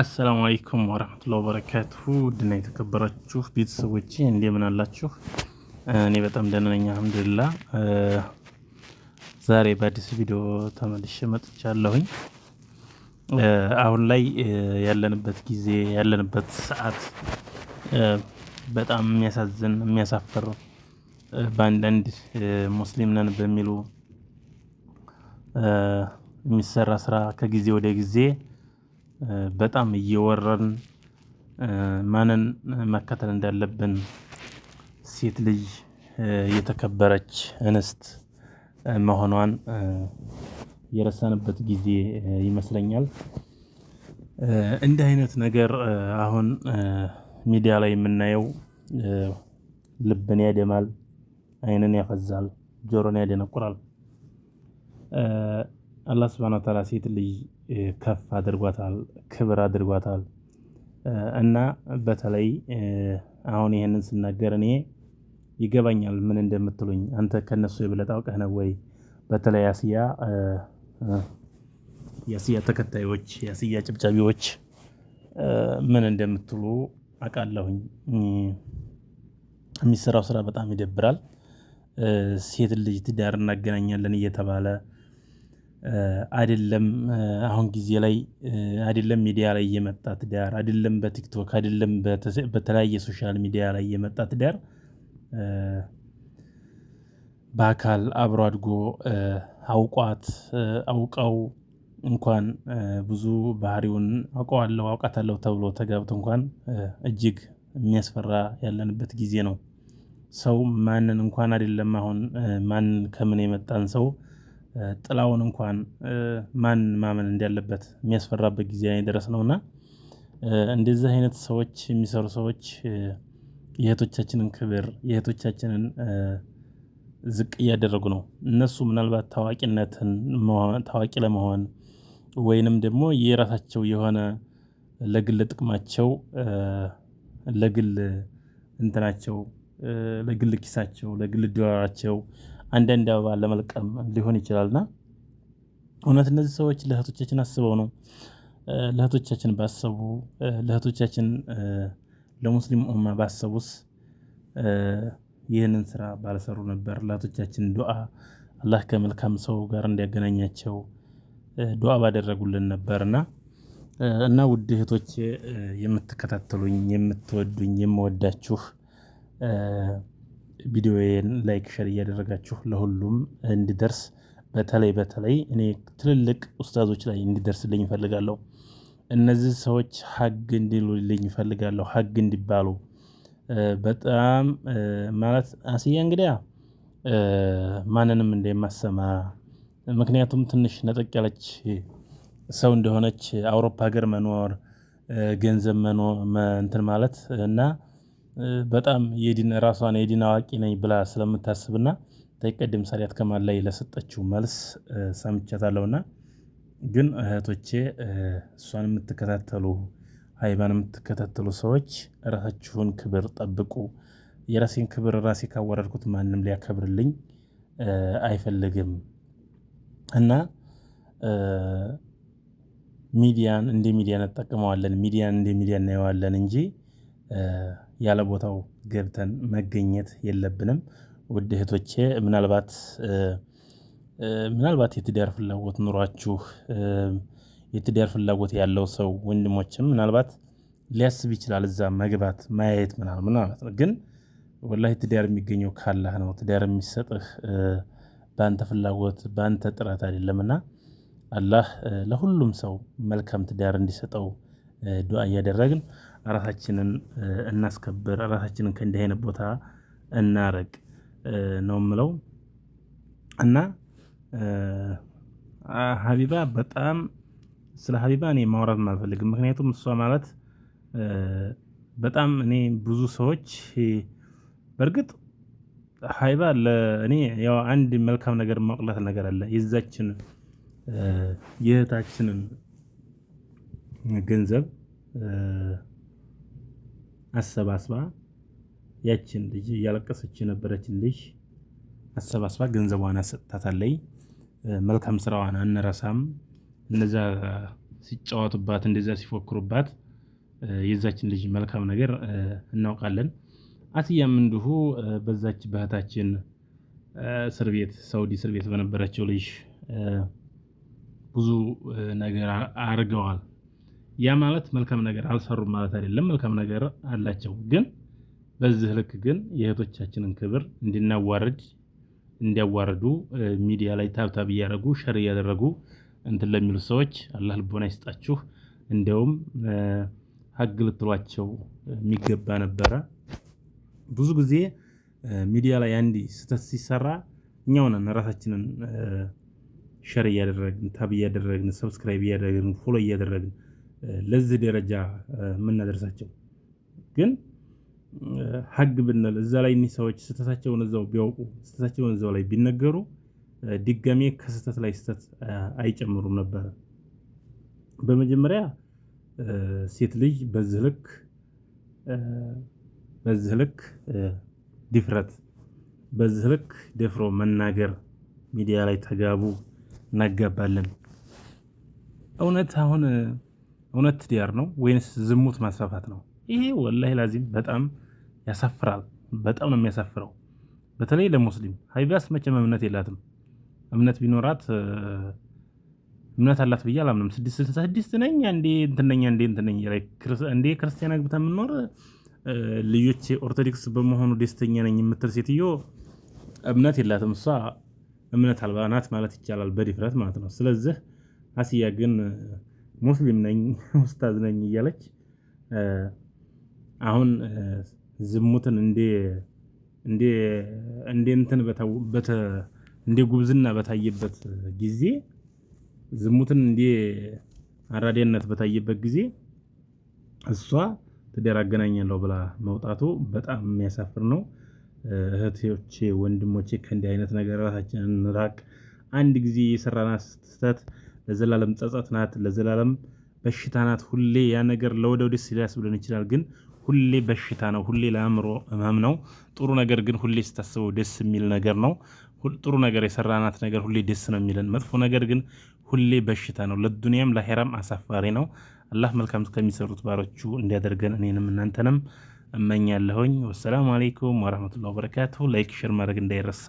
አሰላሙ አለይኩም ወረህመቱላሂ ወበረካቱሁ ውድና የተከበራችሁ ቤተሰቦች እንደምን አላችሁ? እኔ በጣም ደህና ነኝ አልሐምዱሊላህ። ዛሬ በአዲስ ቪዲዮ ተመልሼ መጥቻለሁኝ። አሁን ላይ ያለንበት ጊዜ ያለንበት ሰዓት በጣም የሚያሳዝን የሚያሳፍር በአንዳንድ ሙስሊም ነን በሚሉ የሚሰራ ስራ ከጊዜ ወደ ጊዜ በጣም እየወረን ማንን መከተል እንዳለብን ሴት ልጅ የተከበረች እንስት መሆኗን የረሳንበት ጊዜ ይመስለኛል። እንዲህ አይነት ነገር አሁን ሚዲያ ላይ የምናየው ልብን ያደማል፣ አይንን ያፈዛል፣ ጆሮን ያደነቁራል። አላህ ስብሃነ ወተዓላ ሴት ልጅ ከፍ አድርጓታል፣ ክብር አድርጓታል። እና በተለይ አሁን ይህንን ስናገር እኔ ይገባኛል ምን እንደምትሉኝ። አንተ ከነሱ የበለጠ አውቀህ ነው ወይ? በተለይ ያስያ ያስያ ተከታዮች የአስያ ጭብጫቢዎች ምን እንደምትሉ አውቃለሁኝ። የሚሰራው ስራ በጣም ይደብራል። ሴት ልጅ ትዳር እናገናኛለን እየተባለ አይደለም አሁን ጊዜ ላይ አይደለም ሚዲያ ላይ የመጣ ትዳር አይደለም በቲክቶክ አይደለም በተለያየ ሶሻል ሚዲያ ላይ የመጣ ትዳር በአካል አብሮ አድጎ አውቋት አውቀው እንኳን ብዙ ባህሪውን አውቀዋለሁ አውቃታለሁ ተብሎ ተጋብቶ እንኳን እጅግ የሚያስፈራ ያለንበት ጊዜ ነው። ሰው ማንን እንኳን አይደለም አሁን ማንን ከምን የመጣን ሰው ጥላውን እንኳን ማን ማመን እንዳለበት የሚያስፈራበት ጊዜ ድረስ ነው እና እንደዚህ አይነት ሰዎች የሚሰሩ ሰዎች የእህቶቻችንን ክብር የእህቶቻችንን ዝቅ እያደረጉ ነው። እነሱ ምናልባት ታዋቂነትን ታዋቂ ለመሆን ወይንም ደግሞ የራሳቸው የሆነ ለግል ጥቅማቸው ለግል እንትናቸው ለግል ኪሳቸው ለግል ዶላራቸው አንዳንድ አበባ ለመልቀም ሊሆን ይችላልና እውነት እነዚህ ሰዎች ለእህቶቻችን አስበው ነው። ለእህቶቻችን ባሰቡ ለእህቶቻችን ለሙስሊም ኡማ ባሰቡስ ይህንን ስራ ባልሰሩ ነበር። ለእህቶቻችን ዱዓ አላህ ከመልካም ሰው ጋር እንዲያገናኛቸው ዱዓ ባደረጉልን ነበርና እና ውድ እህቶቼ የምትከታተሉኝ የምትወዱኝ የምወዳችሁ ቪዲዮዬን ላይክ፣ ሸር እያደረጋችሁ ለሁሉም እንዲደርስ በተለይ በተለይ እኔ ትልልቅ ኡስታዞች ላይ እንዲደርስልኝ ይፈልጋለሁ። እነዚህ ሰዎች ሀግ እንዲሉልኝ ይፈልጋለሁ። ሀግ እንዲባሉ በጣም ማለት አስያ እንግዲያ ማንንም እንደማሰማ ምክንያቱም ትንሽ ነጠቅ ያለች ሰው እንደሆነች አውሮፓ ሀገር መኖር ገንዘብ መኖር እንትን ማለት እና በጣም የዲን ራሷን የዲን አዋቂ ነኝ ብላ ስለምታስብና ተቀድም ሰላት ከማል ላይ ለሰጠችው መልስ ሰምቻታለሁና ግን እህቶቼ እሷን የምትከታተሉ ሃይባን የምትከታተሉ ሰዎች ራሳችሁን ክብር ጠብቁ። የራሴን ክብር ራሴ ካወረድኩት ማንም ሊያከብርልኝ አይፈልግም እና ሚዲያን እንደ ሚዲያ እንጠቀመዋለን። ሚዲያን እንደ ሚዲያ እናየዋለን እንጂ ያለ ቦታው ገብተን መገኘት የለብንም። ውድ እህቶቼ ምናልባት ምናልባት የትዳር ፍላጎት ኑሯችሁ የትዳር ፍላጎት ያለው ሰው ወንድሞችም ምናልባት ሊያስብ ይችላል እዛ መግባት ማየት ምናምን ምናምን ነው። ግን ወላሂ ትዳር የሚገኘው ካላህ ነው። ትዳር የሚሰጥህ በአንተ ፍላጎት በአንተ ጥረት አይደለምና አላህ ለሁሉም ሰው መልካም ትዳር እንዲሰጠው ዱዓ እያደረግን ራሳችንን እናስከብር፣ ራሳችንን ከእንዲህ አይነት ቦታ እናረቅ ነው የምለው እና ሀቢባ በጣም ስለ ሀቢባ እኔ ማውራት አልፈልግም። ምክንያቱም እሷ ማለት በጣም እኔ ብዙ ሰዎች በእርግጥ ሀቢባ ለእኔ ያው አንድ መልካም ነገር ማውቅላት ነገር አለ የዛችን የእህታችንን ገንዘብ አሰባስባ ያችን ልጅ እያለቀሰች የነበረችን ልጅ አሰባስባ ገንዘቧን አሰጥታታለይ። መልካም ስራዋን አነረሳም። እነዛ ሲጫወቱባት፣ እንደዛ ሲፎክሩባት የዛችን ልጅ መልካም ነገር እናውቃለን። አስያም እንዲሁ በዛች ባህታችን እስር ቤት ሳውዲ እስር ቤት በነበረችው ልጅ ብዙ ነገር አድርገዋል። ያ ማለት መልካም ነገር አልሰሩም ማለት አይደለም። መልካም ነገር አላቸው። ግን በዚህ ልክ ግን የእህቶቻችንን ክብር እንድናዋርድ እንዲያዋርዱ ሚዲያ ላይ ታብታብ እያደረጉ ሸር እያደረጉ እንትን ለሚሉ ሰዎች አላህ ልቦና ይስጣችሁ። እንዲያውም ሀግ ልትሏቸው የሚገባ ነበረ። ብዙ ጊዜ ሚዲያ ላይ አንድ ስህተት ሲሰራ እኛው ነን ራሳችንን ሸር እያደረግን ታብ እያደረግን ሰብስክራይብ እያደረግን ፎሎ እያደረግን ለዚህ ደረጃ የምናደርሳቸው ግን ሀግ ብንል እዛ ላይ እኒህ ሰዎች ስህተታቸውን እዛው ቢያውቁ ስህተታቸውን እዛው ላይ ቢነገሩ ድጋሜ ከስህተት ላይ ስህተት አይጨምሩም ነበረ። በመጀመሪያ ሴት ልጅ በዚህ ልክ በዚህ ልክ ድፍረት በዚህ ልክ ደፍሮ መናገር ሚዲያ ላይ ተጋቡ እናጋባለን እውነት አሁን እውነት ዲያር ነው ወይንስ ዝሙት ማስፋፋት ነው? ይሄ ወላሂ ላዚም በጣም ያሳፍራል። በጣም ነው የሚያሳፍረው። በተለይ ለሙስሊም ሀይቢያስ መቼም እምነት የላትም። እምነት ቢኖራት እምነት አላት ብዬ አላምንም። ስድስት ስልሳ ስድስት ነኝ እንዴ እንትነኛ እንዴ እንዴ ክርስቲያን አግብታ የምኖር ልጆች ኦርቶዶክስ በመሆኑ ደስተኛ ነኝ የምትል ሴትዮ እምነት የላትም። እሷ እምነት አልባ ናት ማለት ይቻላል፣ በድፍረት ማለት ነው። ስለዚህ አስያ ግን ሙስሊም ነኝ ኡስታዝ ነኝ እያለች አሁን ዝሙትን እንዴ እንዴ እንዴ እንትን በተ እንዴ ጉብዝና በታየበት ጊዜ ዝሙትን እንዴ አራዳነት በታየበት ጊዜ እሷ ትዳር አገናኛለሁ ብላ መውጣቱ በጣም የሚያሳፍር ነው። እህቶቼ፣ ወንድሞቼ ከእንዲህ አይነት ነገር ራሳችንን እንራቅ። አንድ ጊዜ የሰራናት ስህተት ለዘላለም ጸጸት ናት፣ ለዘላለም በሽታ ናት። ሁሌ ያ ነገር ለወደ ሊያስብለን ይችላል፣ ግን ሁሌ በሽታ ነው። ሁሌ ለአእምሮ ህመም ነው። ጥሩ ነገር ግን ሁሌ ስታስበው ደስ የሚል ነገር ነው። ጥሩ ነገር የሰራናት ነገር ሁሌ ደስ ነው የሚለን። መጥፎ ነገር ግን ሁሌ በሽታ ነው። ለዱንያም ለሄራም አሳፋሪ ነው። አላህ መልካም ከሚሰሩት ባሮቹ እንዲያደርገን እኔንም እናንተንም እመኛለሁኝ። ወሰላሙ አሌይኩም ወረህመቱላሂ ወበረካቱ። ላይክ ሼር ማድረግ እንዳይረሳ።